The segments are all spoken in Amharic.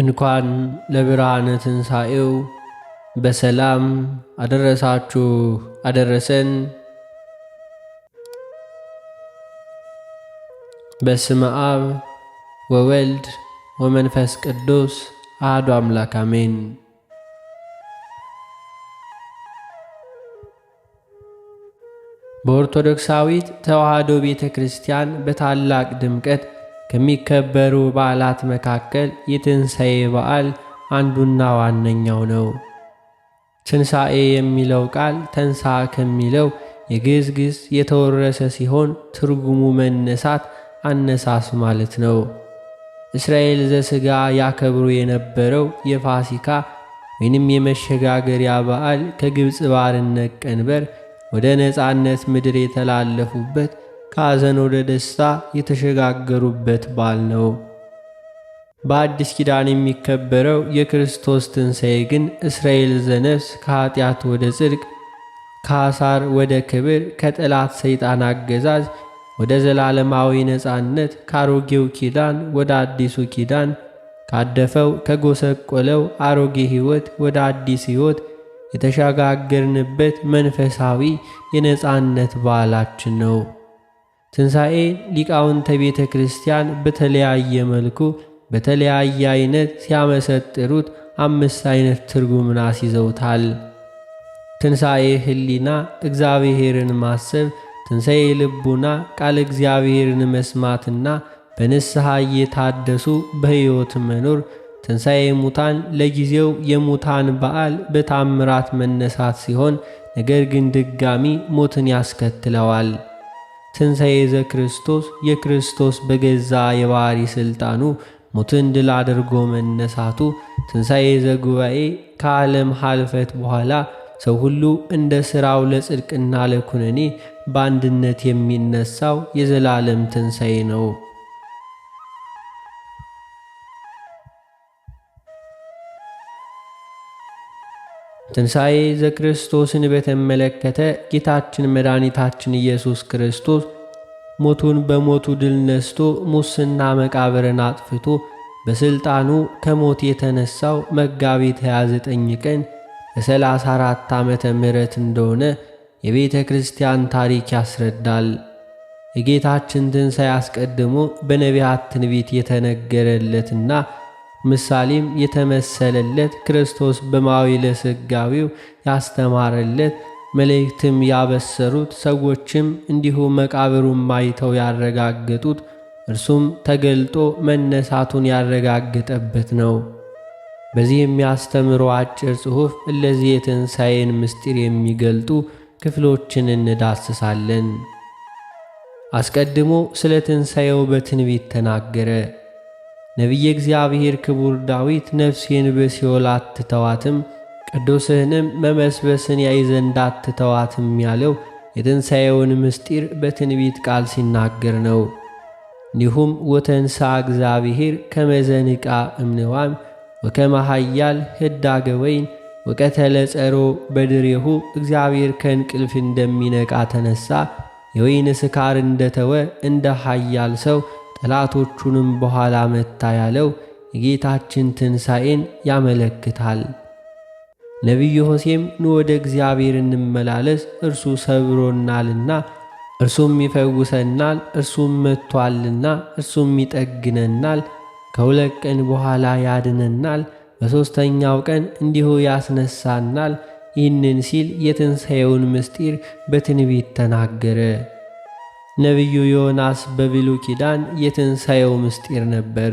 እንኳን ለብርሃነ ትንሣኤው በሰላም አደረሳችሁ አደረሰን። በስመ አብ ወወልድ ወመንፈስ ቅዱስ አሐዱ አምላክ አሜን። በኦርቶዶክሳዊት ተዋሕዶ ቤተ ክርስቲያን በታላቅ ድምቀት ከሚከበሩ በዓላት መካከል የትንሣኤ በዓል አንዱና ዋነኛው ነው። ትንሣኤ የሚለው ቃል ተንሳ ከሚለው የግዕዝ ግስ የተወረሰ ሲሆን ትርጉሙ መነሳት፣ አነሳስ ማለት ነው። እስራኤል ዘሥጋ ያከብሩ የነበረው የፋሲካ ወይንም የመሸጋገሪያ በዓል ከግብፅ ባርነት ቀንበር ወደ ነፃነት ምድር የተላለፉበት ከሐዘን ወደ ደስታ የተሸጋገሩበት በዓል ነው። በአዲስ ኪዳን የሚከበረው የክርስቶስ ትንሣኤ ግን እስራኤል ዘነፍስ ከኀጢአት ወደ ጽድቅ፣ ከአሳር ወደ ክብር፣ ከጠላት ሰይጣን አገዛዝ ወደ ዘላለማዊ ነፃነት፣ ከአሮጌው ኪዳን ወደ አዲሱ ኪዳን፣ ካደፈው ከጎሰቆለው አሮጌ ሕይወት ወደ አዲስ ሕይወት የተሸጋገርንበት መንፈሳዊ የነፃነት በዓላችን ነው። ትንሣኤ ሊቃውንተ ቤተ ክርስቲያን በተለያየ መልኩ በተለያየ አይነት ሲያመሰጥሩት አምስት አይነት ትርጉምን አስይዘውታል። ትንሣኤ ሕሊና እግዚአብሔርን ማሰብ፣ ትንሣኤ ልቡና ቃለ እግዚአብሔርን መስማትና በንስሐ እየታደሱ በሕይወት መኖር፣ ትንሣኤ ሙታን ለጊዜው የሙታን በዓል በታምራት መነሳት ሲሆን ነገር ግን ድጋሚ ሞትን ያስከትለዋል። ትንሣኤ ክርስቶስ የክርስቶስ በገዛ የባሕሪ ሥልጣኑ ሙትን ድል አድርጎ መነሳቱ ትንሣኤ ጉባኤ ከዓለም ኀልፈት በኋላ ሰው ሁሉ እንደ ሥራው ለጽድቅና ለኩነኔ በአንድነት የሚነሳው የዘላለም ትንሣኤ ነው። ትንሣኤ ዘክርስቶስን በተመለከተ ጌታችን መድኃኒታችን ኢየሱስ ክርስቶስ ሞቱን በሞቱ ድል ነስቶ ሙስና መቃብርን አጥፍቶ በሥልጣኑ ከሞት የተነሳው መጋቢት 29 ቀን በ34 ዓመተ ምሕረት እንደሆነ የቤተ ክርስቲያን ታሪክ ያስረዳል። የጌታችን ትንሣኤ አስቀድሞ በነቢያት ትንቢት የተነገረለትና ምሳሌም የተመሰለለት ክርስቶስ በማዊ ለስጋዊው ያስተማረለት መላእክትም ያበሰሩት ሰዎችም እንዲሁ መቃብሩን ማይተው ያረጋገጡት እርሱም ተገልጦ መነሳቱን ያረጋገጠበት ነው። በዚህ የሚያስተምሩ አጭር ጽሑፍ እለዚህ የትንሣኤን ምስጢር የሚገልጡ ክፍሎችን እንዳስሳለን። አስቀድሞ ስለ ትንሣኤው በትንቢት ተናገረ። ነቢየ እግዚአብሔር ክቡር ዳዊት ነፍሴን በሲኦል አትተዋትም ቅዱስህንም መመስበስን ያይ ዘንድ አትተዋትም ያለው የትንሣኤውን ምስጢር በትንቢት ቃል ሲናገር ነው። እንዲሁም ወተንሳ እግዚአብሔር ከመዘንቃ እምንዋም ወከመሃያል ኃያል ህዳገ ወይን ወቀተለ ጸሮ በድሬሁ እግዚአብሔር ከእንቅልፍ እንደሚነቃ ተነሳ የወይን ስካር እንደተወ እንደ ሃያል ሰው ጠላቶቹንም በኋላ መታ ያለው የጌታችን ትንሣኤን ያመለክታል። ነቢዩ ሆሴም ኑ ወደ እግዚአብሔር እንመላለስ፣ እርሱ ሰብሮናልና፣ እርሱም ይፈውሰናል፣ እርሱም መጥቶአልና፣ እርሱም ይጠግነናል፣ ከሁለት ቀን በኋላ ያድነናል፣ በሦስተኛው ቀን እንዲሁ ያስነሳናል። ይህንን ሲል የትንሣኤውን ምስጢር በትንቢት ተናገረ። ነቢዩ ዮናስ በብሉይ ኪዳን የትንሣኤው ምስጢር ነበር።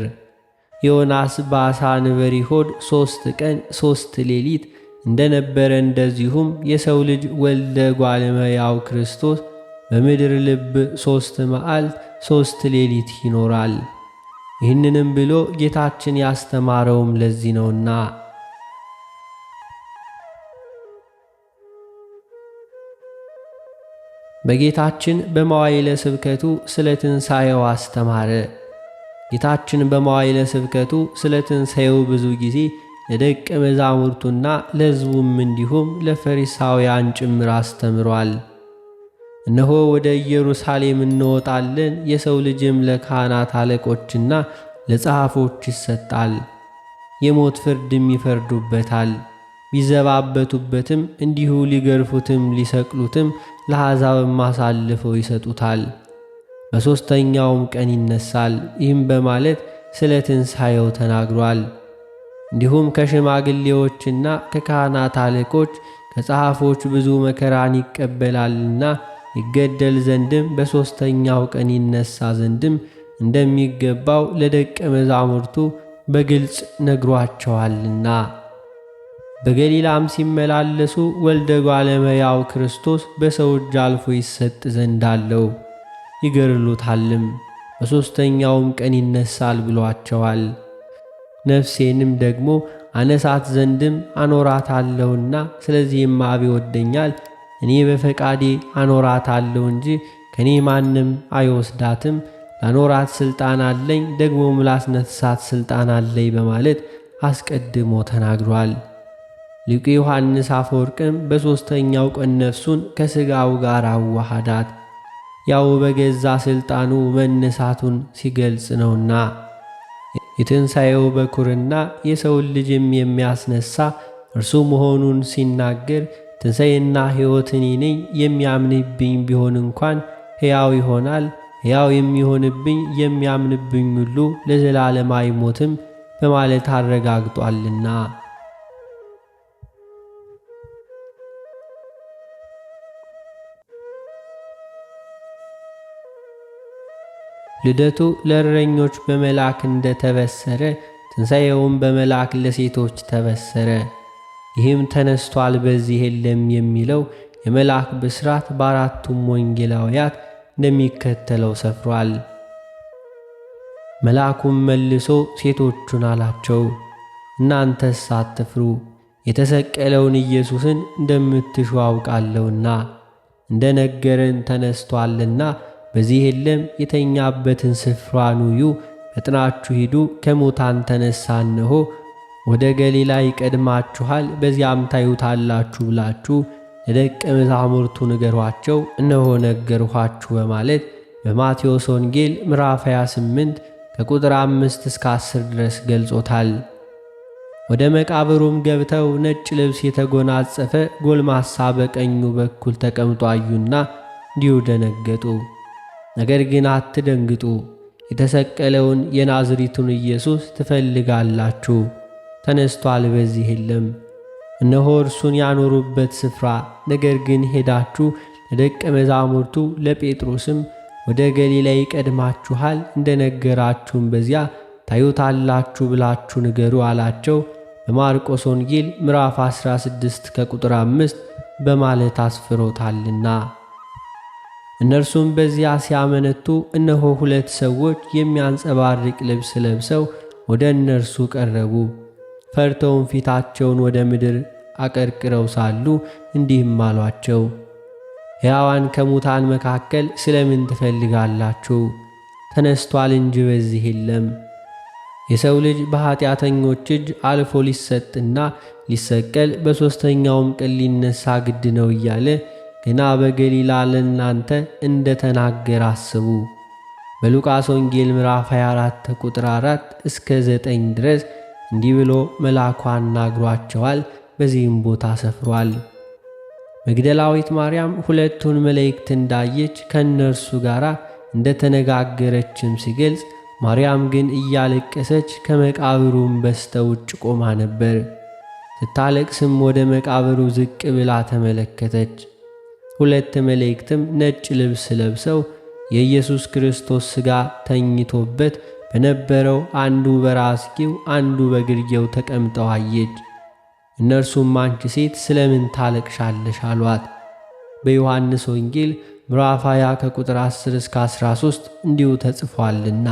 ዮናስ በአሳ ንበሪ ሆድ ሦስት ቀን ሦስት ሌሊት እንደነበረ እንደዚሁም የሰው ልጅ ወልደ ጓለመያው ክርስቶስ በምድር ልብ ሦስት መዓልት ሦስት ሌሊት ይኖራል። ይህንንም ብሎ ጌታችን ያስተማረውም ለዚህ ነውና በጌታችን በመዋይለ ስብከቱ ስለ ትንሣኤው አስተማረ። ጌታችን በመዋይለ ስብከቱ ስለ ትንሣኤው ብዙ ጊዜ ለደቀ መዛሙርቱና ለሕዝቡም እንዲሁም ለፈሪሳውያን ጭምር አስተምሯል። እነሆ ወደ ኢየሩሳሌም እንወጣለን፣ የሰው ልጅም ለካህናት አለቆችና ለጸሐፎች ይሰጣል፣ የሞት ፍርድም ይፈርዱበታል። ቢዘባበቱበትም እንዲሁ ሊገርፉትም ሊሰቅሉትም ለአሕዛብም አሳልፈው ይሰጡታል፣ በሦስተኛውም ቀን ይነሳል። ይህም በማለት ስለ ትንሣኤው ተናግሯል። እንዲሁም ከሽማግሌዎችና ከካህናት አለቆች ከጸሐፎች ብዙ መከራን ይቀበላልና ይገደል ዘንድም በሦስተኛው ቀን ይነሣ ዘንድም እንደሚገባው ለደቀ መዛሙርቱ በግልጽ ነግሯቸዋልና። በገሊላም ሲመላለሱ ወልደ ጓለመያው ክርስቶስ በሰው እጅ አልፎ ይሰጥ ዘንድ አለው፣ ይገርሉታልም፣ በሦስተኛውም ቀን ይነሳል ብሏቸዋል። ነፍሴንም ደግሞ አነሳት ዘንድም አኖራታለሁና፣ ስለዚህም አብ ይወደኛል። እኔ በፈቃዴ አኖራታለሁ እንጂ ከእኔ ማንም አይወስዳትም። ላኖራት ሥልጣን አለኝ፣ ደግሞም ላስነሳት ሥልጣን አለኝ በማለት አስቀድሞ ተናግሯል። ሊቁ ዮሐንስ አፈወርቅም በሦስተኛው ቀን ነፍሱን ከሥጋው ጋር አዋሃዳት፣ ያው በገዛ ሥልጣኑ መነሳቱን ሲገልጽ ነውና። የትንሣኤው በኩርና የሰውን ልጅም የሚያስነሳ እርሱ መሆኑን ሲናገር ትንሣኤና ሕይወትን እኔ ነኝ፣ የሚያምንብኝ ቢሆን እንኳን ሕያው ይሆናል ሕያው የሚሆንብኝ የሚያምንብኝ ሁሉ ለዘላለም አይሞትም በማለት አረጋግጧልና። ልደቱ ለእረኞች በመልአክ እንደ ተበሰረ ትንሣኤውም በመልአክ ለሴቶች ተበሰረ። ይህም ተነስቷል በዚህ የለም የሚለው የመልአክ ብስራት በአራቱም ወንጌላውያት እንደሚከተለው ሰፍሯል። መልአኩም መልሶ ሴቶቹን አላቸው፣ እናንተስ አትፍሩ፣ የተሰቀለውን ኢየሱስን እንደምትሹ አውቃለሁና እንደ ነገረን ተነሥቶአልና በዚህ የለም የተኛበትን ስፍራ ኑዩ፣ ፈጥናችሁ ሂዱ፣ ከሙታን ተነሳ፣ እነሆ ወደ ገሊላ ይቀድማችኋል፣ በዚያም ታዩታላችሁ ብላችሁ ለደቀ መዛሙርቱ ንገሯቸው፣ እነሆ ነገርኋችሁ በማለት በማቴዎስ ወንጌል ምዕራፍ 28 ከቁጥር 5 እስከ 10 ድረስ ገልጾታል። ወደ መቃብሩም ገብተው ነጭ ልብስ የተጎናጸፈ ጎልማሳ በቀኙ በኩል ተቀምጦ አዩና እንዲሁ ደነገጡ። ነገር ግን አትደንግጡ፣ የተሰቀለውን የናዝሪቱን ኢየሱስ ትፈልጋላችሁ፤ ተነስቷል፣ በዚህ የለም። እነሆ እርሱን ያኖሩበት ስፍራ። ነገር ግን ሄዳችሁ ለደቀ መዛሙርቱ ለጴጥሮስም ወደ ገሊላ ይቀድማችኋል፣ እንደ ነገራችሁም በዚያ ታዩታላችሁ ብላችሁ ንገሩ አላቸው። በማርቆስ ወንጌል ምዕራፍ 16 ከቁጥር 5 በማለት አስፍሮታልና። እነርሱም በዚያ ሲያመነቱ እነሆ ሁለት ሰዎች የሚያንጸባርቅ ልብስ ለብሰው ወደ እነርሱ ቀረቡ። ፈርተውም ፊታቸውን ወደ ምድር አቀርቅረው ሳሉ እንዲህም አሏቸው፣ ሕያዋን ከሙታን መካከል ስለምን ትፈልጋላችሁ? ተነስቷል እንጂ በዚህ የለም። የሰው ልጅ በኀጢአተኞች እጅ አልፎ ሊሰጥና ሊሰቀል በሦስተኛውም ቀን ሊነሣ ግድ ነው እያለ ገና በገሊላ ለእናንተ እንደ ተናገረ አስቡ። በሉቃስ ወንጌል ምዕራፍ 24 ቁጥር 4 እስከ 9 ድረስ እንዲህ ብሎ መልአኩ አናግሯቸዋል። በዚህም ቦታ ሰፍሯል። መግደላዊት ማርያም ሁለቱን መላእክት እንዳየች ከእነርሱ ጋር እንደ ተነጋገረችም ሲገልጽ፣ ማርያም ግን እያለቀሰች ከመቃብሩም በስተ ውጭ ቆማ ነበር። ስታለቅስም ወደ መቃብሩ ዝቅ ብላ ተመለከተች። ሁለት መላእክትም ነጭ ልብስ ለብሰው የኢየሱስ ክርስቶስ ሥጋ ተኝቶበት በነበረው አንዱ በራስጌው አንዱ በግርጌው ተቀምጠው አየች። እነርሱም አንቺ ሴት ስለምን ታለቅሻለሽ አሏት። በዮሐንስ ወንጌል ምዕራፍ 20 ከቁጥር 10 እስከ 13 እንዲሁ ተጽፏልና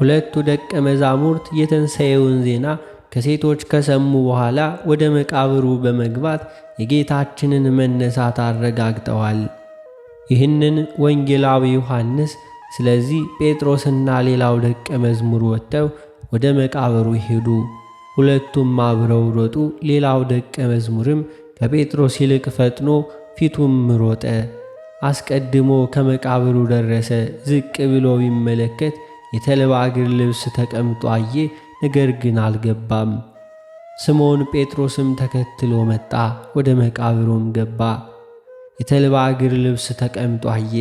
ሁለቱ ደቀ መዛሙርት የትንሣኤውን ዜና ከሴቶች ከሰሙ በኋላ ወደ መቃብሩ በመግባት የጌታችንን መነሳት አረጋግጠዋል። ይህንን ወንጌላዊ ዮሐንስ ስለዚህ ጴጥሮስና ሌላው ደቀ መዝሙር ወጥተው ወደ መቃብሩ ሄዱ። ሁለቱም አብረው ሮጡ። ሌላው ደቀ መዝሙርም ከጴጥሮስ ይልቅ ፈጥኖ ፊቱም ሮጠ። አስቀድሞ ከመቃብሩ ደረሰ። ዝቅ ብሎ ቢመለከት የተልባ እግር ልብስ ተቀምጦ አየ፣ ነገር ግን አልገባም። ስምዖን ጴጥሮስም ተከትሎ መጣ፣ ወደ መቃብሩም ገባ። የተልባ እግር ልብስ ተቀምጦ አየ።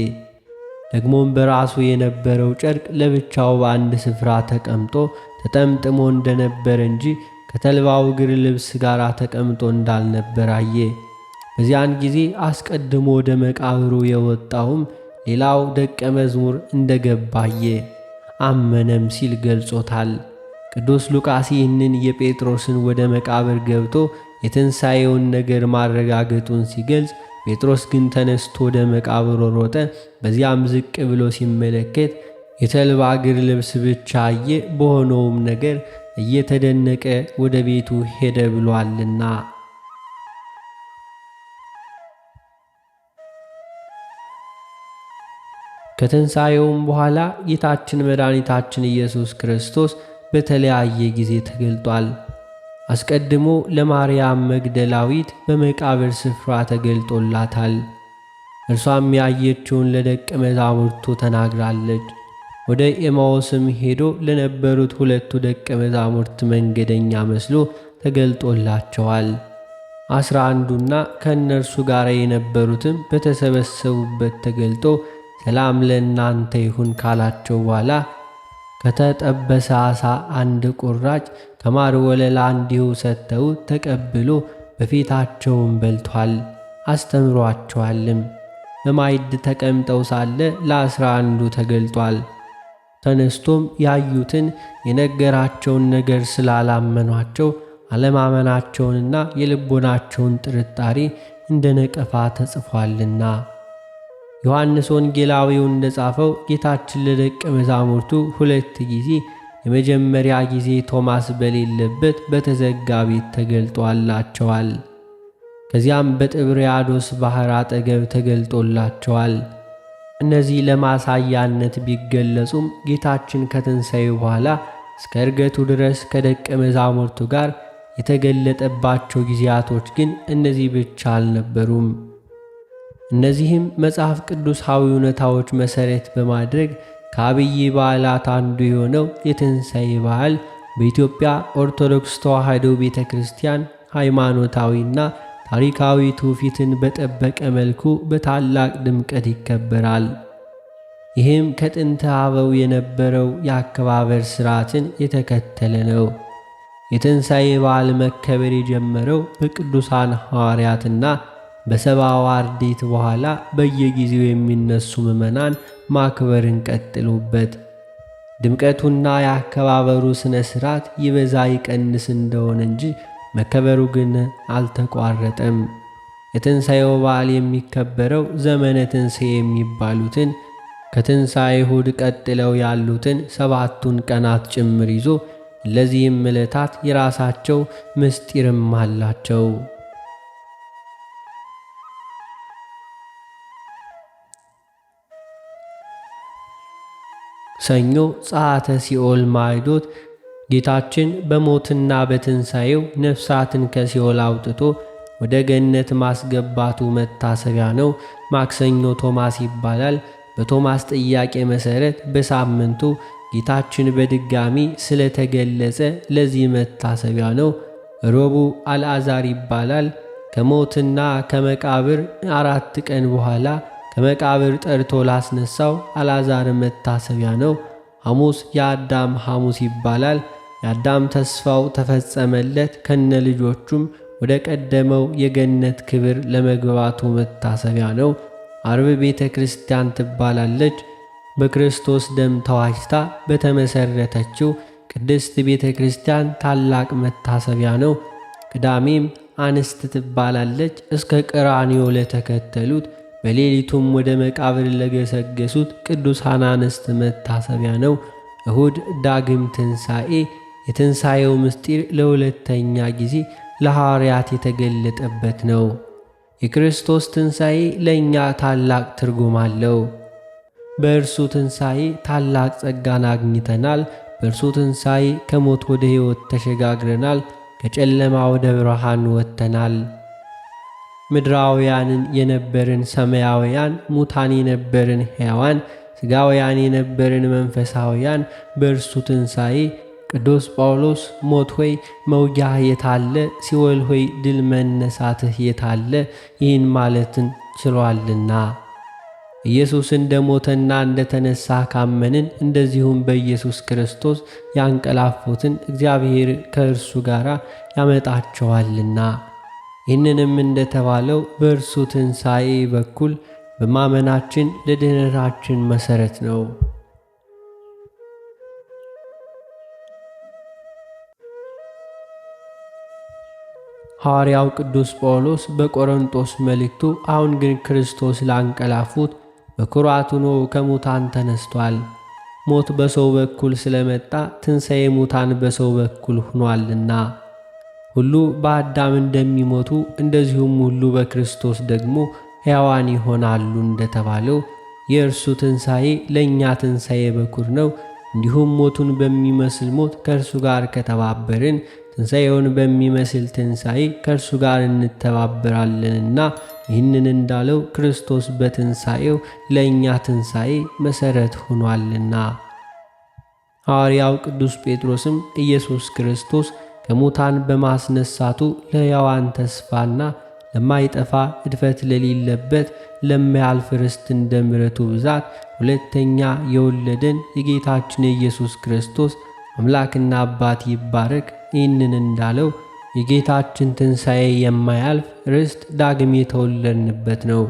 ደግሞም በራሱ የነበረው ጨርቅ ለብቻው በአንድ ስፍራ ተቀምጦ ተጠምጥሞ እንደነበረ እንጂ ከተልባው እግር ልብስ ጋር ተቀምጦ እንዳልነበር አየ። በዚያን ጊዜ አስቀድሞ ወደ መቃብሩ የወጣውም ሌላው ደቀ መዝሙር እንደገባ አየ። አመነም ሲል ገልጾታል። ቅዱስ ሉቃስ ይህንን የጴጥሮስን ወደ መቃብር ገብቶ የትንሣኤውን ነገር ማረጋገጡን ሲገልጽ፣ ጴጥሮስ ግን ተነስቶ ወደ መቃብሩ ሮጠ። በዚያም ዝቅ ብሎ ሲመለከት የተልባ እግር ልብስ ብቻ አየ። በሆነውም ነገር እየተደነቀ ወደ ቤቱ ሄደ ብሏልና ከትንሣኤውም በኋላ ጌታችን መድኃኒታችን ኢየሱስ ክርስቶስ በተለያየ ጊዜ ተገልጧል። አስቀድሞ ለማርያም መግደላዊት በመቃብር ስፍራ ተገልጦላታል። እርሷም ያየችውን ለደቀ መዛሙርቱ ተናግራለች። ወደ ኤማዎስም ሄዶ ለነበሩት ሁለቱ ደቀ መዛሙርት መንገደኛ መስሎ ተገልጦላቸዋል። አስራ አንዱና ከእነርሱ ጋር የነበሩትም በተሰበሰቡበት ተገልጦ ሰላም ለእናንተ ይሁን ካላቸው በኋላ ከተጠበሰ ዓሣ አንድ ቁራጭ ከማር ወለላ እንዲሁ ሰጥተው ተቀብሎ በፊታቸውም በልቷል፣ አስተምሯቸዋልም። በማዕድ ተቀምጠው ሳለ ለአስራ አንዱ ተገልጧል። ተነስቶም ያዩትን የነገራቸውን ነገር ስላላመኗቸው አለማመናቸውንና የልቦናቸውን ጥርጣሬ እንደ ነቀፋ ተጽፏልና ዮሐንስ ወንጌላዊው እንደጻፈው ጌታችን ለደቀ መዛሙርቱ ሁለት ጊዜ የመጀመሪያ ጊዜ ቶማስ በሌለበት በተዘጋ ቤት ተገልጦላቸዋል። ከዚያም በጥብርያዶስ ባሕር አጠገብ ተገልጦላቸዋል። እነዚህ ለማሳያነት ቢገለጹም ጌታችን ከትንሣኤ በኋላ እስከ እርገቱ ድረስ ከደቀ መዛሙርቱ ጋር የተገለጠባቸው ጊዜያቶች ግን እነዚህ ብቻ አልነበሩም። እነዚህም መጽሐፍ ቅዱሳዊ እውነታዎች መሠረት በማድረግ ከአብይ በዓላት አንዱ የሆነው የትንሣኤ በዓል በኢትዮጵያ ኦርቶዶክስ ተዋሕዶ ቤተ ክርስቲያን ሃይማኖታዊና ታሪካዊ ትውፊትን በጠበቀ መልኩ በታላቅ ድምቀት ይከበራል። ይህም ከጥንት አበው የነበረው የአከባበር ሥርዓትን የተከተለ ነው። የትንሣኤ በዓል መከበር የጀመረው በቅዱሳን ሐዋርያትና በሰብአዋ አርዴት በኋላ በየጊዜው የሚነሱ ምዕመናን ማክበርን ቀጥሉበት። ድምቀቱና የአከባበሩ ሥነ ሥርዓት ይበዛ ይቀንስ እንደሆነ እንጂ መከበሩ ግን አልተቋረጠም። የትንሣኤው በዓል የሚከበረው ዘመነ ትንሣኤ የሚባሉትን ከትንሣኤ እሁድ ቀጥለው ያሉትን ሰባቱን ቀናት ጭምር ይዞ ለዚህም ዕለታት የራሳቸው ምስጢርም አላቸው። ሰኞ ጸአተ ሲኦል ማይዶት ጌታችን በሞትና በትንሣኤው ነፍሳትን ከሲኦል አውጥቶ ወደ ገነት ማስገባቱ መታሰቢያ ነው። ማክሰኞ ቶማስ ይባላል። በቶማስ ጥያቄ መሠረት በሳምንቱ ጌታችን በድጋሚ ስለተገለጸ ለዚህ መታሰቢያ ነው። ረቡዕ አልዓዛር ይባላል። ከሞትና ከመቃብር አራት ቀን በኋላ ከመቃብር ጠርቶ ላስነሳው አላዛር መታሰቢያ ነው። ሐሙስ የአዳም ሐሙስ ይባላል። የአዳም ተስፋው ተፈጸመለት፣ ከነ ልጆቹም ወደ ቀደመው የገነት ክብር ለመግባቱ መታሰቢያ ነው። አርብ ቤተ ክርስቲያን ትባላለች። በክርስቶስ ደም ተዋጅታ በተመሠረተችው ቅድስት ቤተ ክርስቲያን ታላቅ መታሰቢያ ነው። ቅዳሜም አንስት ትባላለች። እስከ ቀራንዮ ለተከተሉት በሌሊቱም ወደ መቃብር ለገሰገሱት ቅዱሳን አንስት መታሰቢያ ነው። እሁድ ዳግም ትንሣኤ፣ የትንሣኤው ምስጢር ለሁለተኛ ጊዜ ለሐዋርያት የተገለጠበት ነው። የክርስቶስ ትንሣኤ ለእኛ ታላቅ ትርጉም አለው። በእርሱ ትንሣኤ ታላቅ ጸጋን አግኝተናል። በእርሱ ትንሣኤ ከሞት ወደ ሕይወት ተሸጋግረናል። ከጨለማ ወደ ብርሃን ወጥተናል። ምድራውያንን የነበርን ሰማያውያን፣ ሙታን የነበርን ሕያዋን፣ ሥጋውያን የነበርን መንፈሳውያን በእርሱ ትንሣኤ ቅዱስ ጳውሎስ ሞት ሆይ መውጊያህ የታለ? ሲወል ሆይ ድል መነሳትህ የታለ? ይህን ማለትን ችሏልና ኢየሱስ እንደ ሞተና እንደ ተነሳ ካመንን እንደዚሁም በኢየሱስ ክርስቶስ ያንቀላፉትን እግዚአብሔር ከእርሱ ጋር ያመጣቸዋልና ይህንንም እንደተባለው በእርሱ ትንሣኤ በኩል በማመናችን ለድኅነታችን መሠረት ነው። ሐዋርያው ቅዱስ ጳውሎስ በቆሮንጦስ መልእክቱ አሁን ግን ክርስቶስ ላንቀላፉት በኩራት ሆኖ ከሙታን ተነስቷል፣ ሞት በሰው በኩል ስለመጣ ትንሣኤ ሙታን በሰው በኩል ሆኗልና ሁሉ በአዳም እንደሚሞቱ እንደዚሁም ሁሉ በክርስቶስ ደግሞ ሕያዋን ይሆናሉ እንደተባለው የእርሱ ትንሣኤ ለእኛ ትንሣኤ በኩር ነው። እንዲሁም ሞቱን በሚመስል ሞት ከእርሱ ጋር ከተባበርን ትንሣኤውን በሚመስል ትንሣኤ ከእርሱ ጋር እንተባበራለንና ይህንን እንዳለው ክርስቶስ በትንሣኤው ለእኛ ትንሣኤ መሠረት ሆኗልና ሐዋርያው ቅዱስ ጴጥሮስም ኢየሱስ ክርስቶስ ከሙታን በማስነሳቱ ለሕያዋን ተስፋና ለማይጠፋ እድፈት ለሌለበት ለማያልፍ ርስት እንደ ምረቱ ብዛት ሁለተኛ የወለደን የጌታችን የኢየሱስ ክርስቶስ አምላክና አባት ይባረክ። ይህንን እንዳለው የጌታችን ትንሣኤ የማያልፍ ርስት ዳግም የተወለድንበት ነው።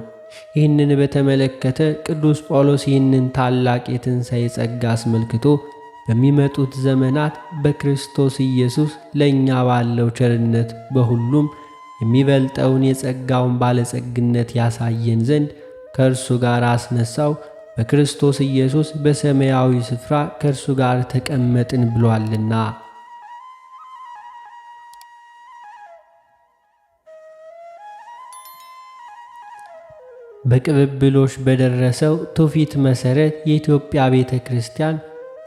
ይህንን በተመለከተ ቅዱስ ጳውሎስ ይህንን ታላቅ የትንሣኤ ጸጋ አስመልክቶ በሚመጡት ዘመናት በክርስቶስ ኢየሱስ ለእኛ ባለው ቸርነት በሁሉም የሚበልጠውን የጸጋውን ባለጸግነት ያሳየን ዘንድ ከእርሱ ጋር አስነሳው። በክርስቶስ ኢየሱስ በሰማያዊ ስፍራ ከእርሱ ጋር ተቀመጥን ብሏልና። በቅብብሎች በደረሰው ትውፊት መሠረት የኢትዮጵያ ቤተ ክርስቲያን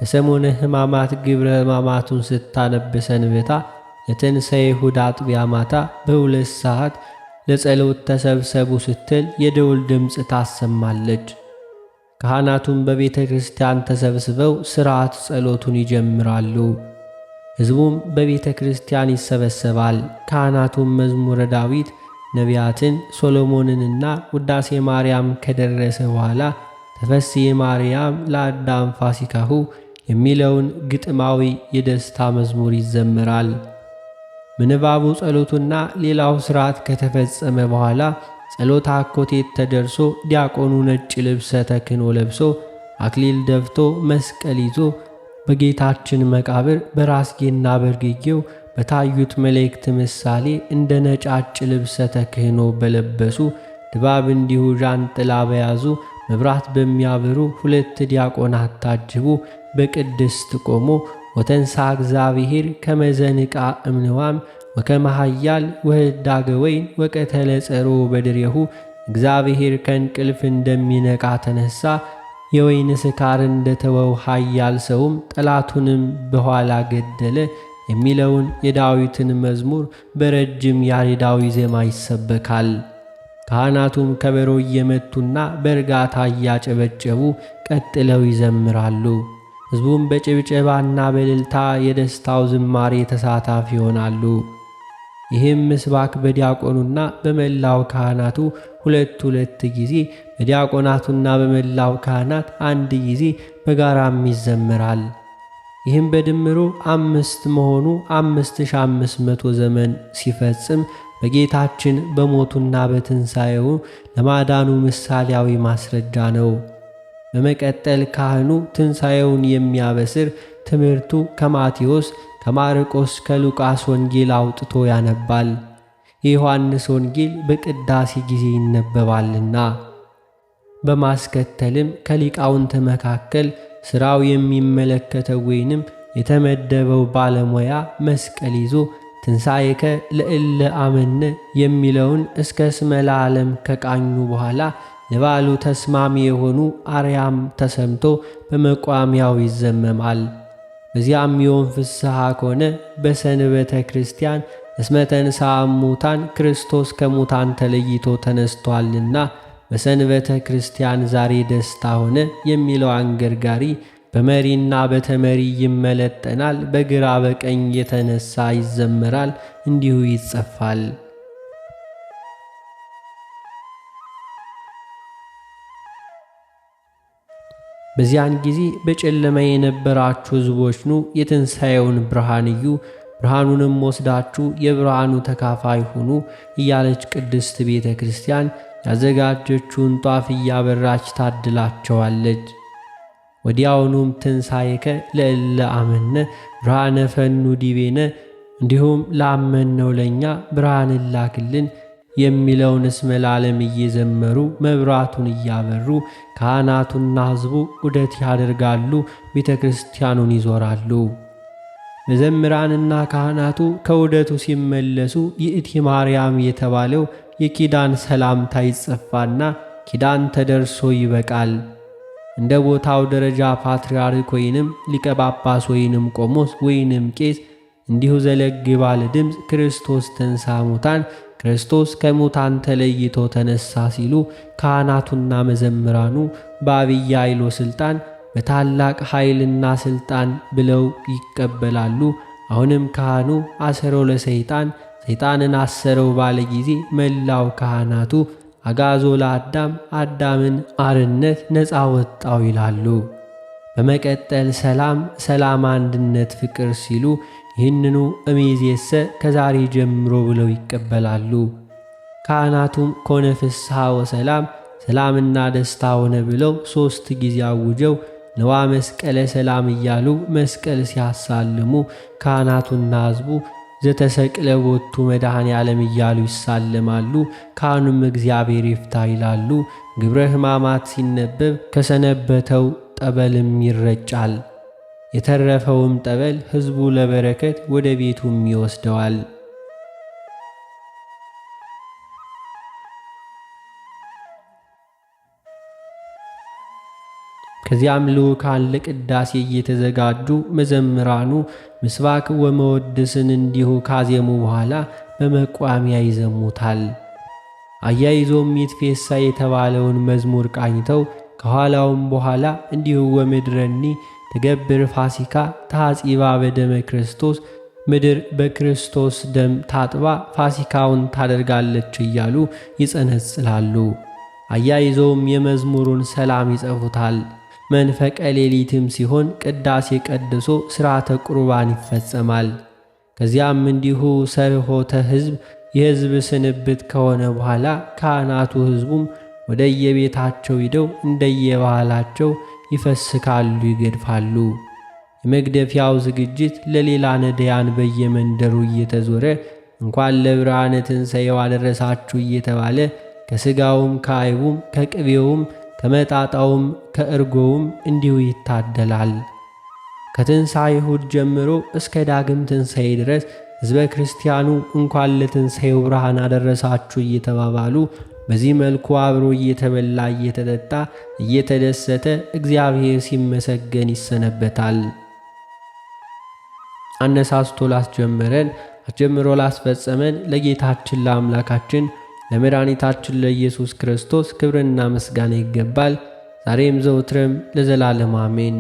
በሰሙነ ሕማማት ግብረ ሕማማቱን ስታነብ ሰንብታ ለትንሣኤ እሁድ አጥቢያ ማታ በሁለት ሰዓት ለጸሎት ተሰብሰቡ ስትል የደውል ድምፅ ታሰማለች። ካህናቱም በቤተ ክርስቲያን ተሰብስበው ሥርዓት ጸሎቱን ይጀምራሉ። ሕዝቡም በቤተ ክርስቲያን ይሰበሰባል። ካህናቱም መዝሙረ ዳዊት፣ ነቢያትን፣ ሶሎሞንንና ውዳሴ ማርያም ከደረሰ በኋላ ተፈሥሒ ማርያም ለአዳም ፋሲካሁ የሚለውን ግጥማዊ የደስታ መዝሙር ይዘመራል። ምንባቡ ጸሎቱና ሌላው ሥርዓት ከተፈጸመ በኋላ ጸሎተ አኮቴት ተደርሶ ዲያቆኑ ነጭ ልብሰ ተክህኖ ለብሶ አክሊል ደፍቶ መስቀል ይዞ በጌታችን መቃብር በራስጌና በእግርጌው በታዩት መላእክት ምሳሌ እንደ ነጫጭ ልብሰ ተክህኖ በለበሱ ድባብ እንዲሁ ዣንጥላ በያዙ መብራት በሚያበሩ ሁለት ዲያቆናት ታጅቡ በቅድስት ቆሞ ወተንሳ እግዚአብሔር ከመዘንቃ እምንዋም ወከመሃያል ወህዳገ ወይን ወቀተለ ጸሮ በድሬሁ እግዚአብሔር ከእንቅልፍ እንደሚነቃ ተነሳ። የወይን ስካር እንደተወው ሃያል ሰውም ጠላቱንም በኋላ ገደለ የሚለውን የዳዊትን መዝሙር በረጅም ያሬዳዊ ዜማ ይሰበካል። ካህናቱም ከበሮ እየመቱና በእርጋታ እያጨበጨቡ ቀጥለው ይዘምራሉ። ሕዝቡም በጭብጨባና በእልልታ የደስታው ዝማሬ ተሳታፊ ይሆናሉ። ይህም ምስባክ በዲያቆኑና በመላው ካህናቱ ሁለት ሁለት ጊዜ በዲያቆናቱና በመላው ካህናት አንድ ጊዜ በጋራም ይዘምራል። ይህም በድምሩ አምስት መሆኑ አምስት ሺ አምስት መቶ ዘመን ሲፈጽም በጌታችን በሞቱና በትንሣኤው ለማዳኑ ምሳሌያዊ ማስረጃ ነው። በመቀጠል ካህኑ ትንሣኤውን የሚያበስር ትምህርቱ ከማቴዎስ ከማርቆስ ከሉቃስ ወንጌል አውጥቶ ያነባል። የዮሐንስ ወንጌል በቅዳሴ ጊዜ ይነበባልና። በማስከተልም ከሊቃውንት መካከል ሥራው የሚመለከተው ወይንም የተመደበው ባለሙያ መስቀል ይዞ ትንሣኤከ ለእለ አመነ የሚለውን እስከ ስመ ለዓለም ከቃኙ በኋላ ለበዓሉ ተስማሚ የሆኑ አርያም ተሰምቶ በመቋሚያው ይዘመማል። በዚያም የሚሆን ፍስሐ ከሆነ በሰንበተ ክርስቲያን እስመ ተንሥአ እሙታን ክርስቶስ ከሙታን ተለይቶ ተነስቷልና በሰንበተ ክርስቲያን ዛሬ ደስታ ሆነ የሚለው አንገርጋሪ በመሪና በተመሪ ይመለጠናል፣ በግራ በቀኝ የተነሳ ይዘመራል፣ እንዲሁ ይጸፋል። በዚያን ጊዜ በጨለማ የነበራችሁ ሕዝቦች ኑ የትንሣኤውን ብርሃን እዩ፣ ብርሃኑንም ወስዳችሁ የብርሃኑ ተካፋይ ሁኑ እያለች ቅድስት ቤተ ክርስቲያን ያዘጋጀችውን ጧፍ እያበራች ታድላቸዋለች። ወዲያውኑም ትንሣኤከ ለእለ አመነ ብርሃነ ፈኑ ዲቤነ እንዲሁም ላመነው ለእኛ ብርሃን ላክልን የሚለውን እስመ ለዓለም እየዘመሩ መብራቱን እያበሩ ካህናቱና ሕዝቡ ዑደት ያደርጋሉ፣ ቤተ ክርስቲያኑን ይዞራሉ። መዘምራንና ካህናቱ ከዑደቱ ሲመለሱ ይእቲ ማርያም የተባለው የኪዳን ሰላምታ ይጸፋና ኪዳን ተደርሶ ይበቃል። እንደ ቦታው ደረጃ ፓትርያርክ ወይንም ሊቀ ጳጳስ ወይንም ቆሞስ ወይንም ቄስ እንዲሁ ዘለግ ባለ ድምፅ ክርስቶስ ተንሳሙታን። ክርስቶስ ከሙታን ተለይቶ ተነሳ ሲሉ ካህናቱና መዘምራኑ በአብይ አይሎ ሥልጣን በታላቅ ኃይልና ሥልጣን ብለው ይቀበላሉ። አሁንም ካህኑ አሰሮ ለሰይጣን ሰይጣንን አሰረው ባለ ጊዜ መላው ካህናቱ አጋዞ ለአዳም አዳምን አርነት ነፃ ወጣው ይላሉ። በመቀጠል ሰላም፣ ሰላም፣ አንድነት፣ ፍቅር ሲሉ ይህንኑ እምይእዜሰ ከዛሬ ጀምሮ ብለው ይቀበላሉ። ካህናቱም ኮነ ፍስሐ ወሰላም ሰላምና ደስታ ሆነ ብለው ሦስት ጊዜ አውጀው ንዋ መስቀለ ሰላም እያሉ መስቀል ሲያሳልሙ ካህናቱና ሕዝቡ ዘተሰቅለ ቦቱ መድኃኔ ዓለም እያሉ ይሳለማሉ። ካህኑም እግዚአብሔር ይፍታ ይላሉ። ግብረ ሕማማት ሲነበብ ከሰነበተው ጠበልም ይረጫል። የተረፈውም ጠበል ሕዝቡ ለበረከት ወደ ቤቱም ይወስደዋል። ከዚያም ልዑካን ለቅዳሴ እየተዘጋጁ መዘምራኑ ምስባክ ወመወድስን እንዲሁ ካዜሙ በኋላ በመቋሚያ ይዘሙታል። አያይዞም ይትፌሳ የተባለውን መዝሙር ቃኝተው ከኋላውም በኋላ እንዲሁ ወምድረኒ ትገብር ፋሲካ ታጺባ በደመ ክርስቶስ ምድር በክርስቶስ ደም ታጥባ ፋሲካውን ታደርጋለች እያሉ ይጸነጽላሉ። አያይዘውም የመዝሙሩን ሰላም ይጸፉታል። መንፈቀ ሌሊትም ሲሆን ቅዳሴ ቀድሶ ሥርዓተ ቁርባን ይፈጸማል። ከዚያም እንዲሁ ሰርሆተ ሕዝብ የሕዝብ ስንብት ከሆነ በኋላ ካህናቱ ሕዝቡም ወደየቤታቸው ሂደው እንደየባህላቸው ይፈስካሉ፣ ይገድፋሉ። የመግደፊያው ዝግጅት ለሌላ ነዳያን በየመንደሩ እየተዞረ እንኳን ለብርሃነ ትንሣኤው አደረሳችሁ እየተባለ ከሥጋውም ከአይቡም ከቅቤውም ከመጣጣውም ከእርጎውም እንዲሁ ይታደላል። ከትንሣኤ እሁድ ጀምሮ እስከ ዳግም ትንሣኤ ድረስ ሕዝበ ክርስቲያኑ እንኳን ለትንሣኤው ብርሃን አደረሳችሁ እየተባባሉ በዚህ መልኩ አብሮ እየተበላ እየተጠጣ እየተደሰተ እግዚአብሔር ሲመሰገን ይሰነበታል። አነሳስቶ ላስጀመረን አስጀምሮ ላስፈጸመን ለጌታችን ለአምላካችን ለመድኃኒታችን ለኢየሱስ ክርስቶስ ክብርና ምስጋና ይገባል። ዛሬም ዘውትርም ለዘላለም አሜን።